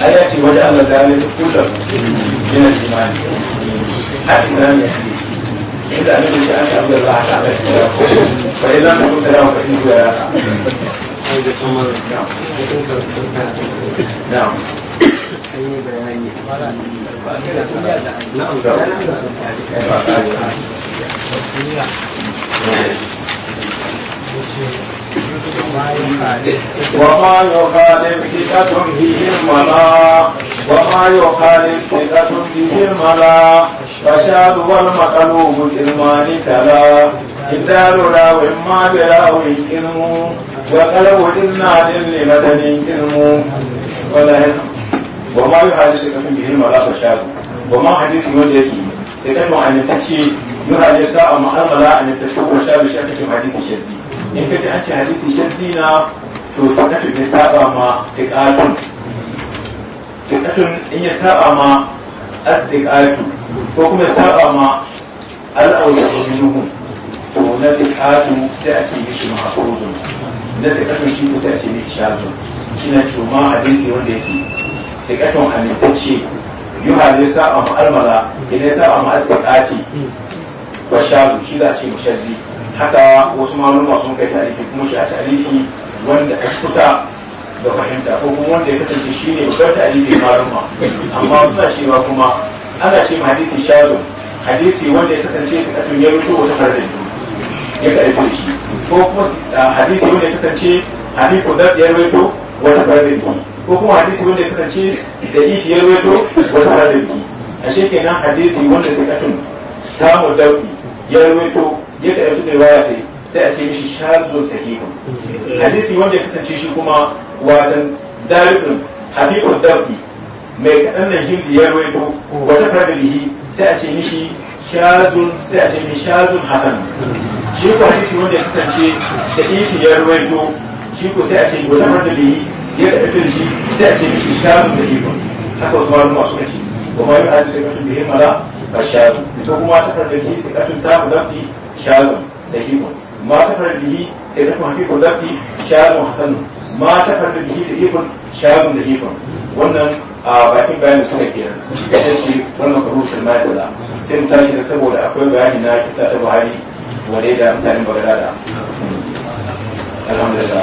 لا يأتي وجعل ذلك كله من الإيمان حتى لم يأتي إلا أن يجعل أمر الله تعالى فإذا لم يكن له فإنه لا يقع نعم نعم نعم وما يخالف ثقة به الملا وما يخالف ثقة به الملا فشاد والمقلوب الإلمان كلا إدار راو ما بلا إلم وقلب إذناد لمدن إلم ولهن وما يخالف ثقة به الملا فشاد وما حديث مدري سيكون عن ma'anitacce يخالف halitta amma almala a nittace ko sha bishiyar kake hadisi in ka ji an ce hadisi shazi na to sanatun ya saba ma sikatun sikatun in ya saba ma as-sikatu ko kuma ya saba ma al-awsatu minhum to na sikatu sai a ce mishi mahfuzun na sikatun shi sai a ce mishi shazun shine to ma hadisi wanda yake sikatun amintacce yuha ne saba ma almala ne saba ma as-sikati wa shazu shi za a ce mushazzi haka wasu maluma sun kai tarihi kuma shi a tarihi wanda a kusa da fahimta ko kuma wanda ya kasance shi ne babbar tarihi maruma amma suna cewa kuma ana ce hadisi shazo hadisi wanda ya kasance su ka tunye rufe wata farin ya karfe shi ko kuma hadisi wanda ya kasance hanifu da ya rufe wata farin ko kuma hadisi wanda ya kasance da ifi ya rufe wata farin a shekenan hadisi wanda su tun ta mu dauki ya rufe ya da yanzu riwaya ta yi sai a ce mishi shazun sahihun hadisi wanda ya kasance shi kuma watan dalibin habibun dabdi mai kaɗan nan himzi ya rawaito wata fadilihi sai a ce mishi shazun sai a ce mishi shazun hasan shi ko hadisi wanda ya kasance da ifi ya rawaito shi ko sai a ce wata fadilihi ya da shi sai a ce mishi shazun da ifin haka su malu masu kaci وما يعد ثقة بهم ولا بشار ثم تفرد به ثقة تام ذنبي shagon sahihun ma ta fara bihi sai ta kuma fiko zafi shagon hasanu ma ta fara bihi da ifin shagon da ifin wannan a bakin bayanin suna kenan ya ce wannan karushin ma'aikata sai mu tashi da saboda akwai bayani na kisa ta buhari wadai da mutanen da alhamdulillah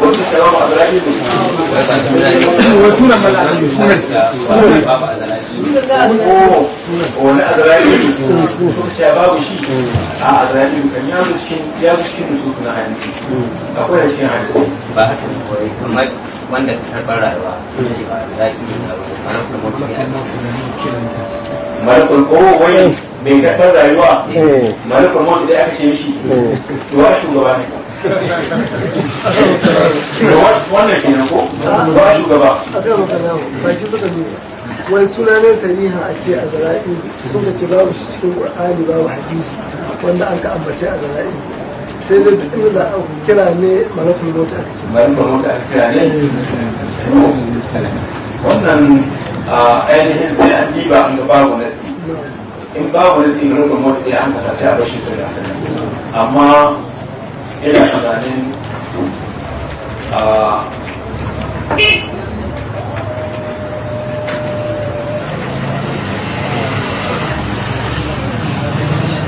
na hadisi akwai a malakul ko wani mai karɓar rayuwa malakul mutu da aka ce mishi to shugaba ne wannan kenan ko suna ne saniha a ce a zara'i sun ka ce babu shi cikin ƙur'ani babu hadisi wanda an ka ambace a zara'i sai dai duk za a kira ne malakul mota a ce malakul mota a kira ne wannan ainihin sai an diba an ga babu nasi in babu nasi malakul mota ne an kasance a bashi sai amma ina tunanin a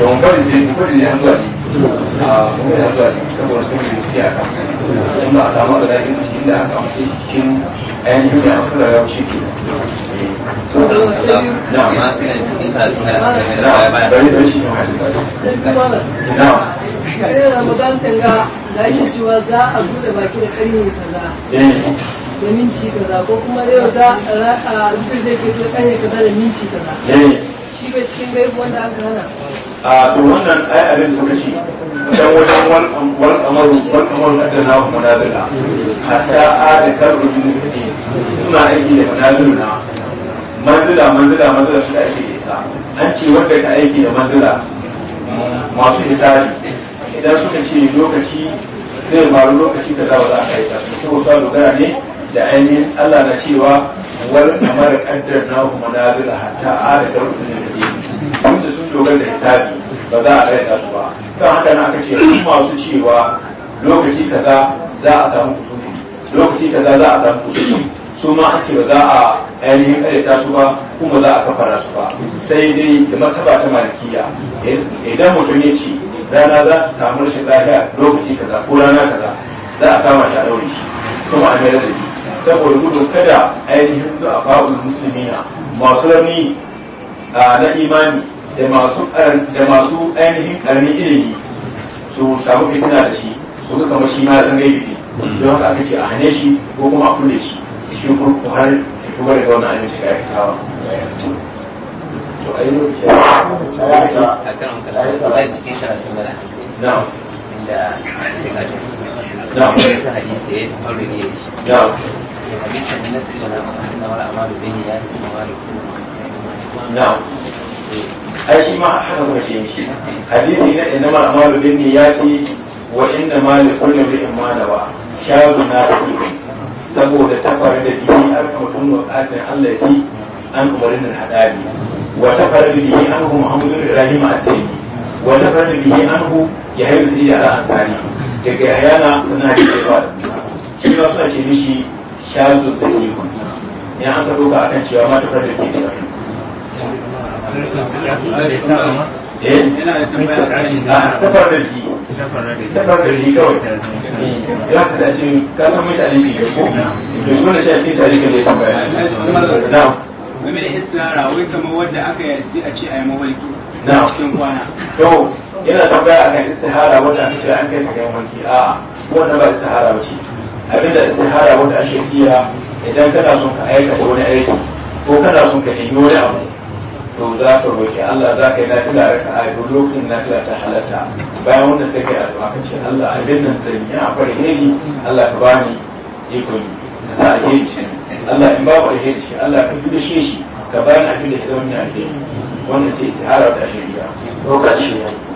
don kawai sai kudi ne an zuwa ne a kuma ya zuwa ne saboda sun yi ciki a kan in ba a samu da zafin cikin da aka amsa cikin ainihin da suka rayu shi ke na eh. na bari da shi ne hadisa na kare ramadan kan da ake cewa za a bude baki da karni kaza da minti kaza ko kuma yau za a rufe zai fito karni kaza da minti kaza shi bai cikin gaibu wanda aka hana a to wannan ai abin da kashi dan wajen wal wal amaru wal amaru da na munabila hatta a da karbu suna aiki da munabila manzila manzila manzila suka aiki da ita an ce wanda ka aiki da manzila masu hisabi idan suka ce lokaci zai faru lokaci da zawa za a yi tasu saboda dogara ne da ainihin Allah na cewa wal kamar kaddar na kuma na bila hatta a da daukin da ke da sun dogara da hisabi ba za a raina su ba don haka na aka ce sun masu cewa lokaci kaza za a samu kusuri lokaci kaza za a samu kusuri su ma an ce ba za a ainihin karyata su ba kuma za a kafara su ba sai dai da masaba ta malikiya idan mutum ya ce rana za ta samu rashin lafiya lokaci kaza ko rana kaza za a kama shi a daure shi kuma a mayar da shi saboda gudun kada ainihin a musulmi na masu rami na imani da masu ainihin karni ilimi su samu fitina da shi su ga kamar shi ma san gai ne don haka aka ce a hane shi ko kuma a kulle shi shi kuma har fito da wannan ainihin ka yi fitawa نعم نعم حديث نعم نعم ai shi ce shi hadisi na inna ma saboda tafar da bihi alkamtun wa qasin Allah si an وتفرد به عنه محمد بن ابراهيم التيمي وتفرد به عنه يحيى بن سعيد الانصاري daga yana suna da cewa shi ba suna ce mishi shazu sai kun ya an ka doka akan cewa ma tafar da kisa eh ah, ina da tambaya a tafar da ki tafar da ki kawai ya eh, ka sace ne tambaya game da istihara wai kamar wadda aka yi sai a ce a yi mawalki na cikin kwana to yana tambaya akan istihara wanda aka ce an kai ta kai mawalki a wannan ba istihara ba ce abinda istihara wanda a iya. idan kana son ka aikata wani aiki ko kana son ka nemi wani abu to za ka roki Allah za ka yi nafila da ka aiko lokacin nafila ta halatta bayan wannan sai ka yi addu'a ka ce Allah abin nan zai yi akwai heri Allah ka bani iko yi sa alheri Allah in babu alheri Allah ka bude shi ka bayan abin da ke zama na wannan ce istihara da shari'a lokaci ne